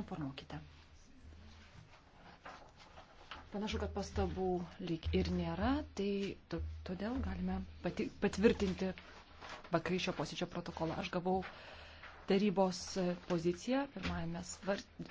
informuokite. Panašu, kad pastabų lyg ir nėra, tai todėl galime pati, patvirtinti vakaryšio posėdžio protokolą. Aš gavau tarybos poziciją pirmajame svart,